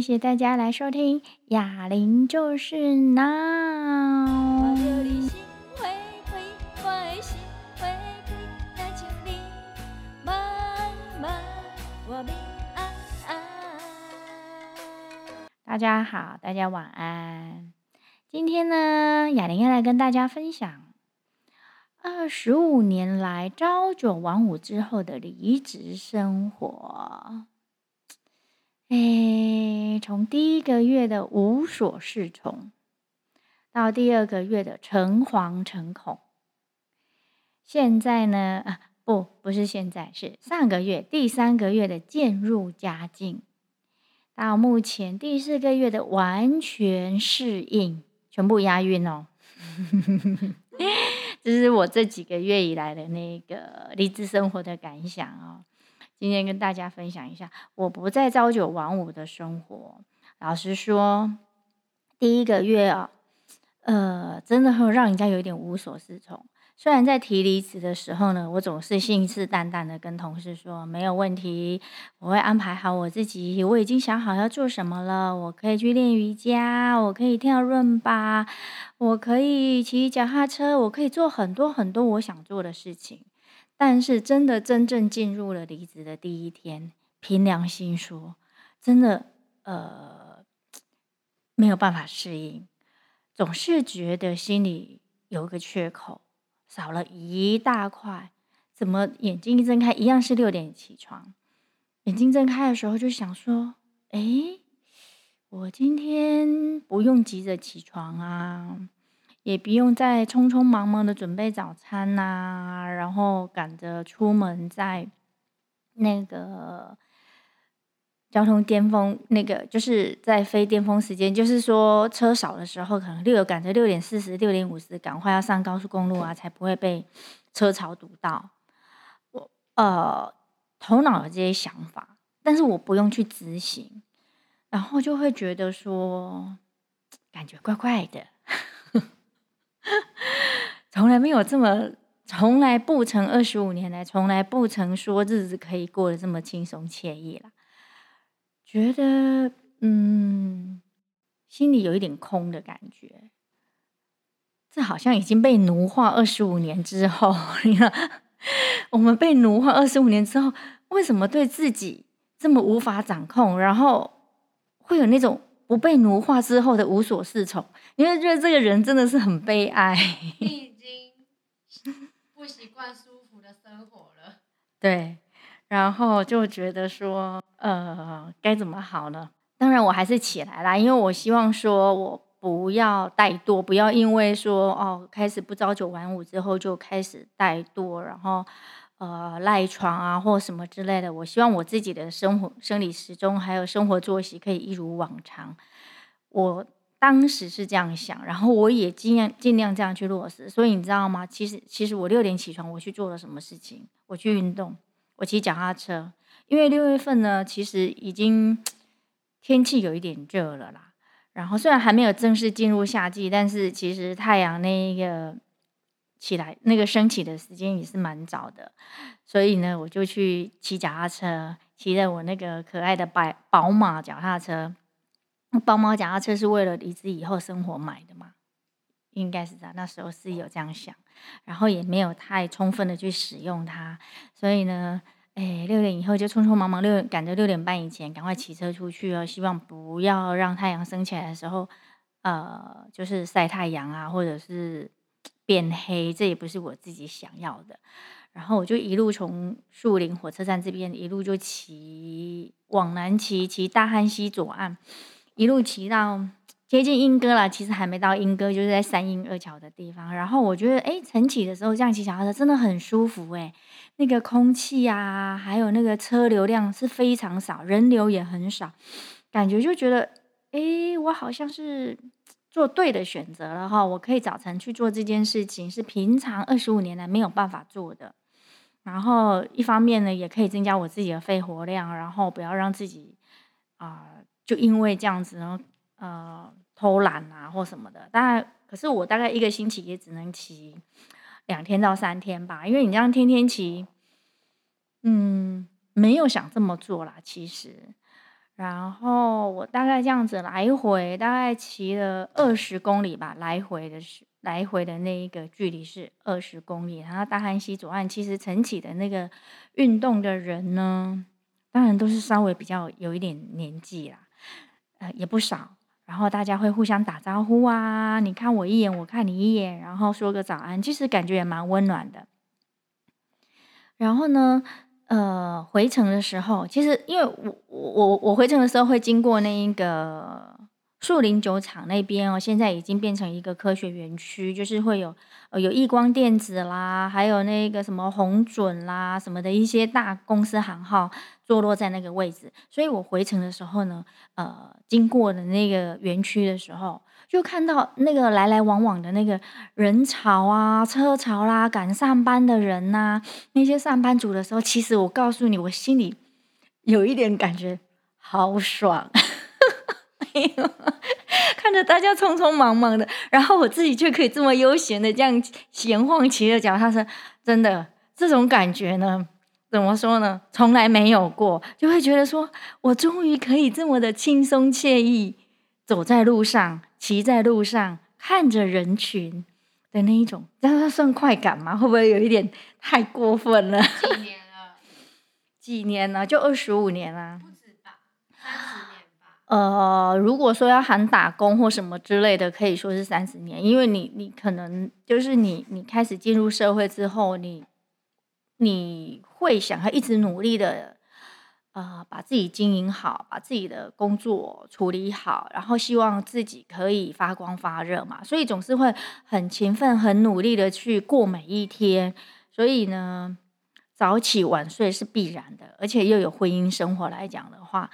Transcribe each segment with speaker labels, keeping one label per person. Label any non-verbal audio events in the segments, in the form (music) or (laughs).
Speaker 1: 謝謝大家來收聽《雅玲就是 Now》。大家好，大家晚安。今天呢，雅玲要來跟大家分享二十五年來朝九晚五之後的離職生活。哎，從第一個月的無所適從，到第二個月的誠惶誠恐，現在呢？啊、不，不是現在，是上個月第三個月的漸入佳境，到目前第四個月的完全適應，全部押韻哦。 (laughs) 這是我這幾個月以來的那個離職生活的感想哦。今天跟大家分享一下，我不再朝九晚五的生活。老實說，第一個月啊、哦，呃，真的會讓人家有點無所適從。雖然在提離職的時候呢，我總是信誓旦旦的跟同事說沒有問題，我會安排好我自己，我已經想好要做什麼了。我可以去練瑜伽，我可以跳倫巴，我可以騎腳踏車，我可以做很多很多我想做的事情。但是真的真正進入了離職的第一天，憑良心說，真的呃沒有辦法適應，總是覺得心裡有一個缺口，少了一大塊。怎麼眼睛一睜開，一樣是六點起床？眼睛睜開的時候就想說：哎，我今天不用急着起床啊。也不用再匆匆忙忙的準備早餐吶啊，然後趕着出門，在那個交通巔峰，那個就是在非巔峰時間，就是說車少的時候，可能六有趕着六點四十、六點五十趕快要上高速公路啊，才不會被車潮堵到。我呃，頭腦有這些想法，但是我不用去執行，然後就會覺得說，感覺怪怪的。從來沒有這麼，從來不曾二十五年來，從來不曾說日子可以過得這麼輕鬆愜意了，覺得嗯心裡有一點空的感覺，這好像已經被奴化二十五年之後，你看，我們被奴化二十五年之後，為什麼對自己這麼無法掌控，然後會有那種？不被奴化之後的無所適從，因為覺得這個人真的是很悲哀。你已經不習慣舒服的生活了， (laughs) 對，然後就覺得說，呃，該怎麼好呢？當然我還是起來啦，因為我希望說我不要怠惰，不要因為說哦開始不朝九晚五之後就開始怠惰，然後。呃，賴床啊，或什麼之類的，我希望我自己的生活生理時鐘還有生活作息可以一如往常。我當時是這樣想，然後我也盡量盡量這樣去落實。所以你知道嗎？其實其實我六點起床，我去做了什麼事情？我去運動，我騎腳踏車。因為六月份呢，其實已經天氣有一點熱了啦。然後雖然還沒有正式進入夏季，但是其實太陽那一個。起來，那個升起的時間也是蠻早的，所以呢，我就去騎腳踏車，騎着我那個可愛的白寶馬腳踏車。寶馬腳踏車是為了離職以後生活買的嘛，應該是在那時候是有這樣想，然後也沒有太充分的去使用它，所以呢，哎，六點以後就匆匆忙忙六趕着六點半以前趕快騎車出去哦，希望不要讓太陽升起來的時候，呃，就是曬太陽啊，或者是。變黑，這也不是我自己想要的。然後我就一路從樹林火車站這邊一路就騎往南騎，騎大漢溪左岸，一路騎到接近鶯歌了。其實還沒到鶯歌，就是在三鶯二橋的地方。然後我覺得，誒，晨起的時候這樣騎小火車真的很舒服，欸。誒。那個空氣啊，還有那個車流量是非常少，人流也很少，感覺就覺得，誒，我好像是。做對的選擇了哈，我可以早晨去做這件事情，是平常二十五年來沒有辦法做的。然後一方面呢，也可以增加我自己的肺活量，然後不要讓自己啊、呃，就因為這樣子，然後呃偷懶啊或什麼的。但可是我大概一個星期也只能騎兩天到三天吧，因為你這樣天天騎，嗯，沒有想這麼做啦，其實。然後我大概這樣子來回，大概騎了二十公里吧，來回的是來回的那一個距離是二十公里。然後大漢溪左岸，其實晨起的那個運動的人呢，當然都是稍微比較有一點年紀啦，呃，也不少。然後大家會互相打招呼啊，你看我一眼，我看你一眼，然後說個早安，其實感覺也蠻溫暖的。然後呢，呃，回程的時候，其實因為我。我我回程的時候會經過那一個樹林酒廠那邊哦，現在已經變成一個科學園區，就是會有呃有億光電子啦，還有那個什麼鴻準啦什麼的一些大公司行號坐落在那個位置，所以我回程的時候呢，呃，經過的那個園區的時候，就看到那個來來往往的那個人潮啊、車潮啦、啊，趕上班的人吶、啊，那些上班族的時候，其實我告訴你，我心裡。有一點感覺好爽， (laughs) 看着大家匆匆忙忙的，然後我自己卻可以這麼悠閒的這樣閒晃騎著腳踏車，真的這種感覺呢，怎麼說呢？從來沒有過，就會覺得說我終於可以這麼的輕鬆愜意，走在路上，騎在路上，看着人群的那一種，這算快感嗎？會不會有一點太過分了？幾年呢、啊？就二十五年啦、啊，不止吧，三十年吧。呃，如果說要喊打工或什麼之類的，可以說是三十年，因為你，你可能就是你，你開始進入社會之後，你你會想要一直努力的，呃，把自己經營好，把自己的工作處理好，然後希望自己可以發光發熱嘛，所以總是會很勤奮、很努力的去過每一天，所以呢。早起晚睡是必然的，而且又有婚姻生活來講的話，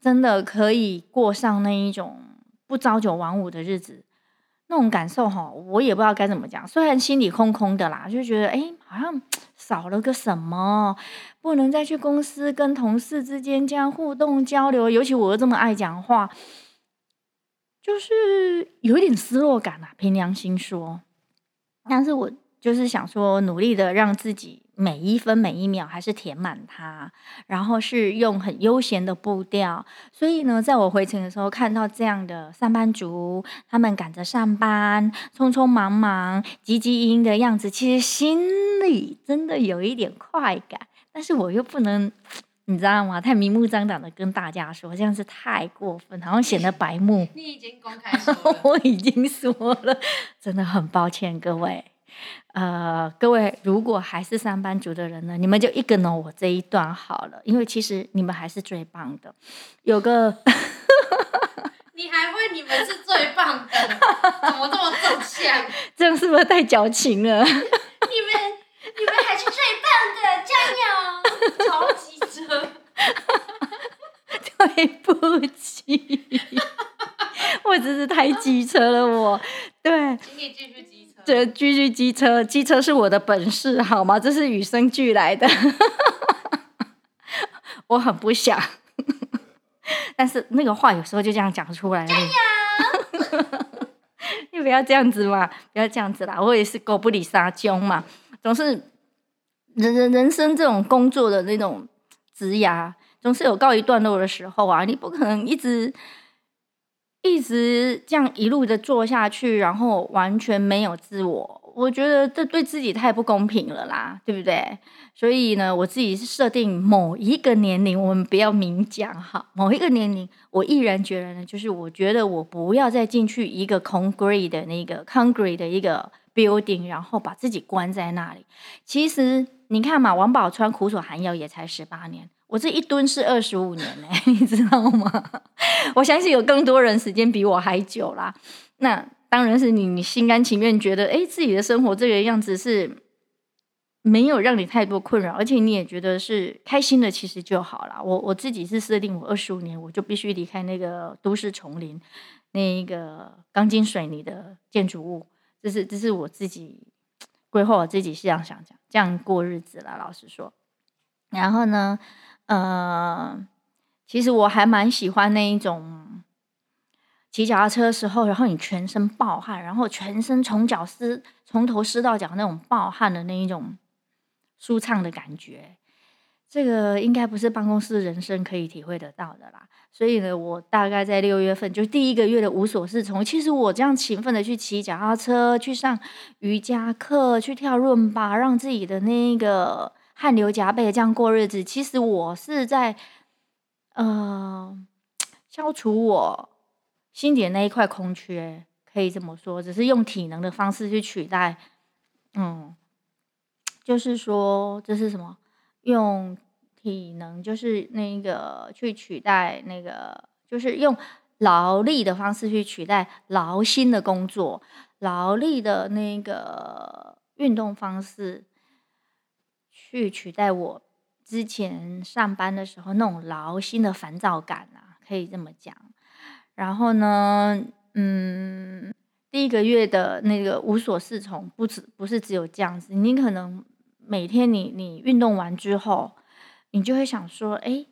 Speaker 1: 真的可以過上那一種不朝九晚五的日子，那種感受哈，我也不知道該怎麼講。雖然心裡空空的啦，就覺得誒，好像少了個什麼，不能再去公司跟同事之間這樣互動交流，尤其我又這麼愛講話，就是有一點失落感啊。憑良心說，但是我就是想說，努力的讓自己。每一分每一秒還是填滿它，然後是用很悠閒的步調。所以呢，在我回程的時候看到這樣的上班族，他們趕着上班，匆匆忙忙、汲汲營營的樣子，其實心裡真的有一點快感。但是我又不能，你知道嗎？太明目張膽的跟大家說，這樣是太過分，好像顯得白目。 (laughs) 你已經公開了， (laughs) 我已經說了，真的很抱歉，各位。呃，各位，如果還是上班族的人呢，你們就 ignore 我這一段好了，因為其實你們還是最棒的。有個， (laughs) 你還問你們是最棒的，怎麼這麼走心？這樣是不是太矯情了？ (laughs) 你們你們還是最棒的，加油！ (laughs) 超級急車， (laughs) (laughs) 對不起，我真是太機車了，我對，請你繼續。這狙擊機車，機車是我的本事，好嗎？這是與生俱來的， (laughs) 我很不想， (laughs) 但是那個話有時候就這樣講出來。哎呀油， (laughs) 你不要這樣子嘛，不要這樣子啦，我也是狗不理撒嬌嘛，總是人人人生這種工作的那種職涯，總是有告一段落的時候啊，你不可能一直。一直這樣一路的做下去，然後完全沒有自我，我覺得這對自己太不公平了啦，對不對？所以呢，我自己是設定某一個年齡，我們不要明講哈。某一個年齡，我毅然決然呢，就是我覺得我不要再進去一個 concrete 的，那個 concrete 的一個 building，然後把自己關在那裡。其實。你看嘛，王寶釧苦守寒窯也才十八年，我這一蹲是二十五年呢，欸，你知道嗎？我相信有更多人時間比我還久啦。那當然是你，你心甘情願覺得，誒、欸，自己的生活這個樣子是沒有讓你太多困擾，而且你也覺得是開心的，其實就好啦。我我自己是設定我，我二十五年我就必須離開那個都市叢林，那一個鋼筋水泥的建築物，這是這是我自己規劃，我自己是這樣想講。這樣過日子了，老實說。然後呢，呃，其實我還蠻喜歡那一種騎腳踏車的時候，然後你全身爆汗，然後全身從腳濕，從頭濕到腳那種爆汗的那一種舒暢的感覺。這個應該不是辦公室人生可以體會得到的啦。所以呢，我大概在六月份就第一個月的無所適從。其實我這樣勤奮的去騎腳踏車、去上瑜伽課、去跳倫巴，讓自己的那個汗流浹背這樣過日子。其實我是在，呃，消除我心底那一塊空缺，可以這麼說。只是用體能的方式去取代，嗯，就是說這是什麼？用。體能就是那個去取代那個，就是用勞力的方式去取代勞心的工作，勞力的那個運動方式去取代我之前上班的時候那種勞心的煩躁感啊，可以這麼講。然後呢，嗯，第一個月的那個無所適從，不只，不是只有這樣子，你可能每天你你運動完之後。你就會想說，哎、欸，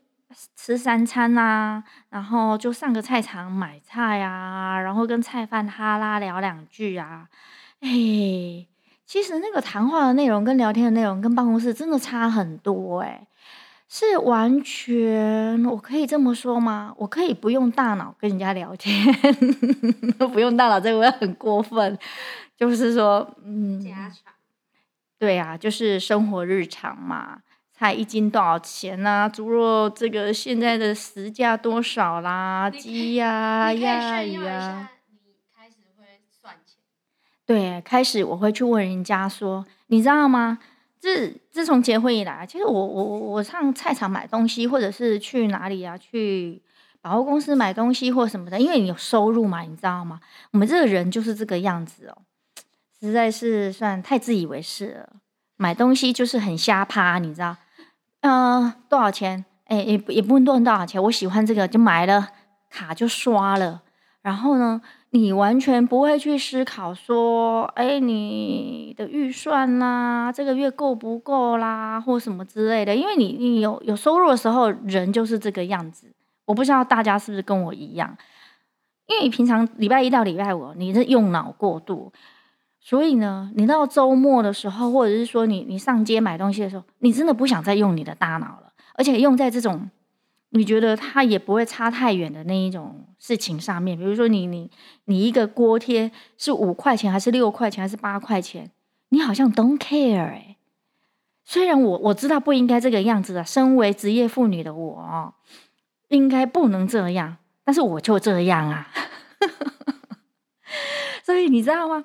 Speaker 1: 吃三餐啊，然後就上個菜場買菜呀、啊，然後跟菜販哈啦聊兩句啊，哎、欸，其實那個談話的內容跟聊天的內容跟辦公室真的差很多、欸，哎，是完全我可以這麼說嗎？我可以不用大腦跟人家聊天， (laughs) 不用大腦這個會很過分，就是說，嗯，對啊，就是生活日常嘛。它一斤多少錢呢、啊？豬肉這個現在的時價多少啦、啊？雞呀、啊、鴨魚你，你，你開始會算錢？對，開始我會去問人家說：“你知道嗎？自自從結婚以來，其實我我我我上菜場買東西，或者是去哪裡啊？去百貨公司買東西或什麼的，因為你有收入嘛，你知道嗎？我們這個人就是這個樣子哦、喔，實在是算太自以為是了。買東西就是很瞎趴，你知道。”嗯、呃，多少錢？哎，也不，也不問多少錢，我喜歡這個就買了，卡就刷了。然後呢，你完全不會去思考說，哎，你的預算啦、啊，這個月夠不夠啦，或什麼之類的。因為你，你有有收入的時候，人就是這個樣子。我不知道大家是不是跟我一樣，因為你平常禮拜一到禮拜五，你是用腦過度。所以呢，你到週末的時候，或者是說你你上街買東西的時候，你真的不想再用你的大腦了，而且用在這種你覺得它也不會差太遠的那一種事情上面。比如說你，你你你一個鍋貼是五塊錢，還是六塊錢，還是八塊錢？你好像 don't care 哎。雖然我我知道不應該這個樣子啊，身為職業婦女的我，應該不能這樣，但是我就這樣啊。 (laughs) 所以你知道嗎？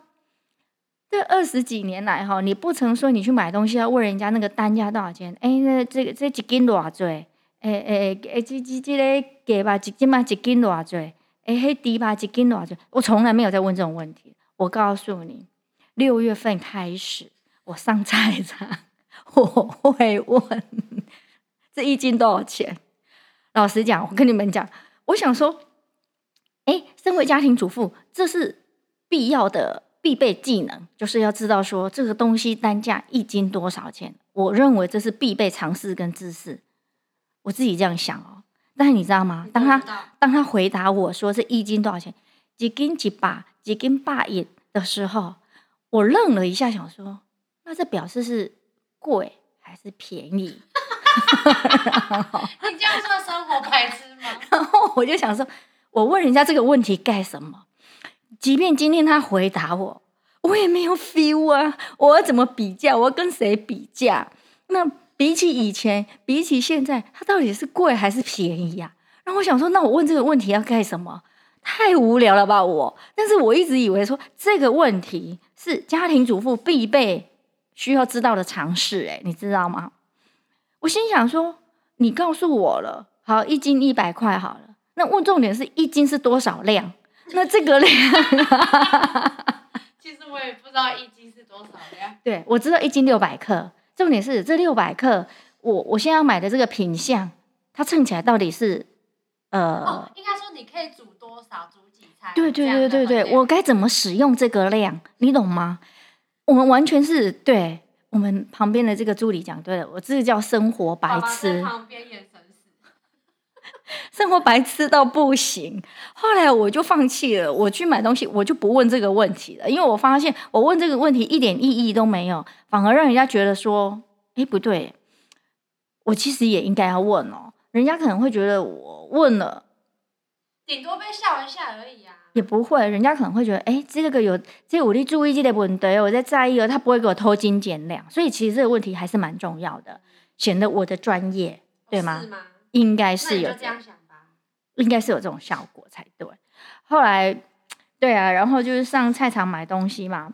Speaker 1: 這二十幾年來哈，你不曾說你去買東西要問人家那個單價多少錢？哎，那這個這一斤多少錢？哎哎哎哎這這這嘞？給吧一斤嘛？一斤多少錢？哎嘿，低吧一斤多少錢多少？我從來沒有在問這種問題。我告訴你，六月份開始我上菜場，我會問這一斤多少錢。老實講，我跟你們講，我想說，哎，身為家庭主婦，這是必要的。必備技能就是要知道說這個東西單價一斤多少錢。我認為這是必備常識跟知識，我自己這樣想哦、喔。但是你知道嗎？當他當他回答我說這一斤多少錢，幾斤幾百，幾斤八一的時候，我愣了一下，想說那這表示是貴還是便宜？你這樣算生活開支嗎？然後我就想說，我問人家這個問題幹什麼？即便今天他回答我，我也沒有 feel 啊！我要怎麼比較？我要跟誰比較？那比起以前，比起現在，它到底是貴還是便宜啊？那我想說，那我問這個問題要幹什麼？太無聊了吧我！但是我一直以為說這個問題是家庭主婦必備需要知道的常識，哎，你知道嗎？我心想說，你告訴我了，好，一斤一百塊好了。那問重點是一斤是多少量？那這個量、啊， (laughs) 其實我也不知道一斤是多少的。對，我知道一斤六百克。重點是這六百克，我我現在要買的這個品相，它稱起來到底是呃……哦、應該說你可以煮多少，煮幾餐？對對對對對，我該怎麼使用這個量？你懂嗎？我們完全是對我們旁邊的這個助理講對了，我自己叫生活白痴。爸爸是旁邊也。生活白痴到不行，後來我就放棄了。我去買東西，我就不問這個問題了，因為我發現我問這個問題一點意義都沒有，反而讓人家覺得說：“哎，不對，我其實也應該要問哦。”人家可能會覺得我問了，頂多被嚇一下而已啊，也不會。人家可能會覺得：“哎，這個有，這我得注意這個問題，我在在意哦。”他不會給我偷斤減兩，所以其實這個問題還是蠻重要的，顯得我的專業，對嗎？應該是有這樣想吧，應該是有這種效果才對。後來，對啊，然後就是上菜場買東西嘛，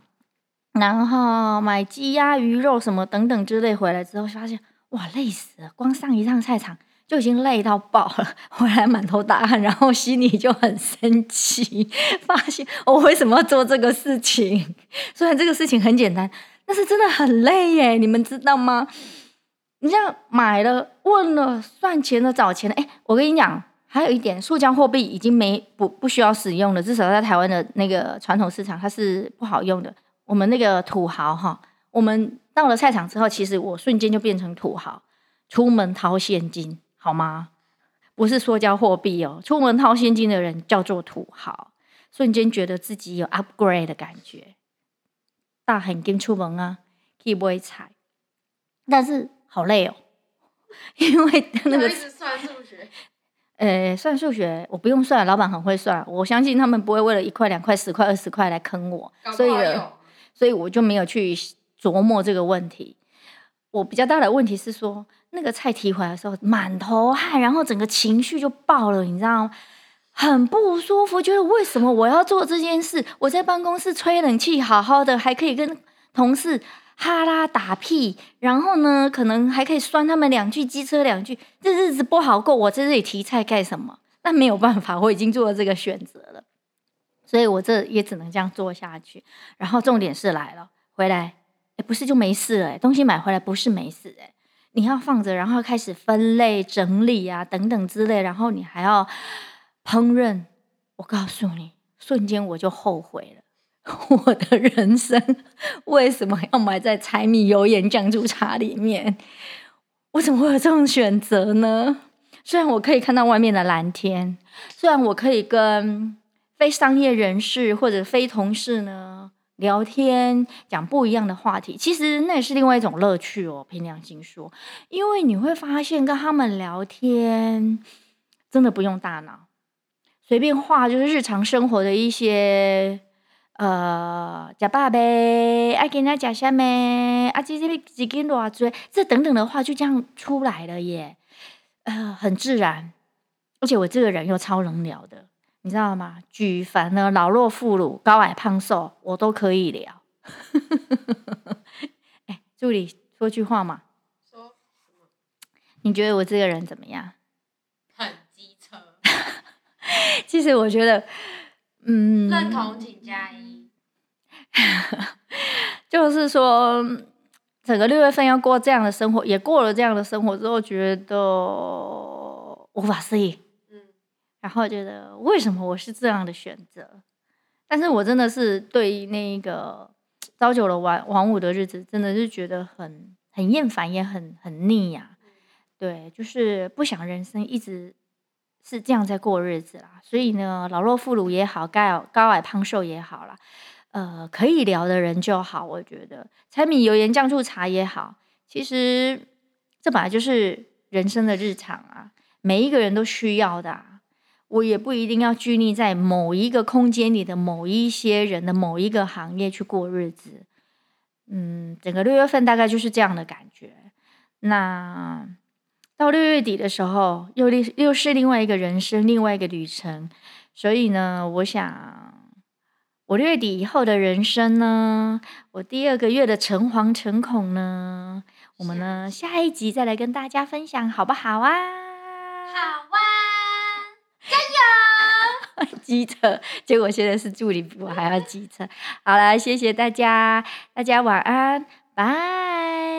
Speaker 1: 然後買雞鴨、鴨魚肉什麼等等之類，回來之後發現，哇，累死了！光上一趟菜場就已經累到爆了，回來滿頭大汗，然後心裡就很生氣，發現我為什麼要做這個事情？雖然這個事情很簡單，但是真的很累耶，你們知道嗎？你像買了、問了、算錢了、找錢了。哎、欸，我跟你講，還有一點，塑膠貨幣已經沒不不需要使用了，至少在台灣的那個傳統市場，它是不好用的。我們那個土豪哈，我們到了菜場之後，其實我瞬間就變成土豪，出門掏現金，好嗎？不是塑膠貨幣哦，出門掏現金的人叫做土豪，瞬間覺得自己有 upgrade 的感覺，大很跟出門啊，可以買菜，但是。好累哦，因為那個是算數學，呃、欸，算數學我不用算，老板很會算，我相信他們不會為了一塊兩塊十塊二十塊來坑我，所以，所以我就沒有去琢磨這個問題。我比較大的問題是說，那個菜提回來的時候滿頭汗，然後整個情緒就爆了，你知道嗎？很不舒服，覺得為什麼我要做這件事？我在辦公室吹冷氣好好的，還可以跟同事。啪啦打屁，然後呢，可能還可以酸他們兩句，機車兩句。這日子不好過，我在這裡提菜幹什麼？那沒有辦法，我已經做了這個選擇了，所以我這也只能這樣做下去。然後重點是來了，回來，哎，不是就沒事了？哎，東西買回來不是沒事？你要放着，然後開始分類整理啊，等等之類，然後你還要烹飪。我告訴你，瞬間我就後悔了。 (laughs) 我的人生為什麼要埋在柴米油鹽醬醋茶裡面？我怎麼會有這種選擇呢？雖然我可以看到外面的藍天，雖然我可以跟非商業人士或者非同事呢聊天，講不一樣的話題，其實那也是另外一種樂趣哦。憑良心說，因為你會發現跟他們聊天真的不用大腦，隨便畫就是日常生活的一些。呃，食飽唄，愛今你食下面啊，即只你一斤偌多少，這等等的話就這樣出來了耶。呃，很自然，而且我這個人又超能聊的，你知道嗎？舉凡呢老弱婦孺、高矮胖瘦，我都可以聊。哎、 (laughs) 欸，助理說句話嘛。說。你覺得我這個人怎麼樣？很機車。 (laughs) 其實我覺得。嗯，認同請加一。 (laughs) 就是說，整個六月份要過這樣的生活，也過了這樣的生活之後，覺得無法適應。嗯是，然後覺得為什麼我是這樣的選擇？但是我真的是對於那一個朝九了晚晚五的日子，真的是覺得很很厭煩，也很很膩呀，啊。嗯、對，就是不想人生一直。是這樣在過日子啦，所以呢，老弱婦孺也好，高高矮胖瘦也好啦，呃，可以聊的人就好，我覺得柴米油鹽醬醋茶也好，其實這本來就是人生的日常啊，每一個人都需要的啊，我也不一定要拘泥在某一個空間裡的某一些人的某一個行業去過日子，嗯，整個六月份大概就是這樣的感覺，那。到六月底的時候，又另又是另外一個人生，另外一個旅程。所以呢，我想我六月底以後的人生呢，我第二個月的誠惶誠恐呢，我們呢是下一集再來跟大家分享，好不好啊？好啊，加油！ (laughs) 機車，結果現在是助理比我還要機車。好了，謝謝大家，大家晚安，拜拜。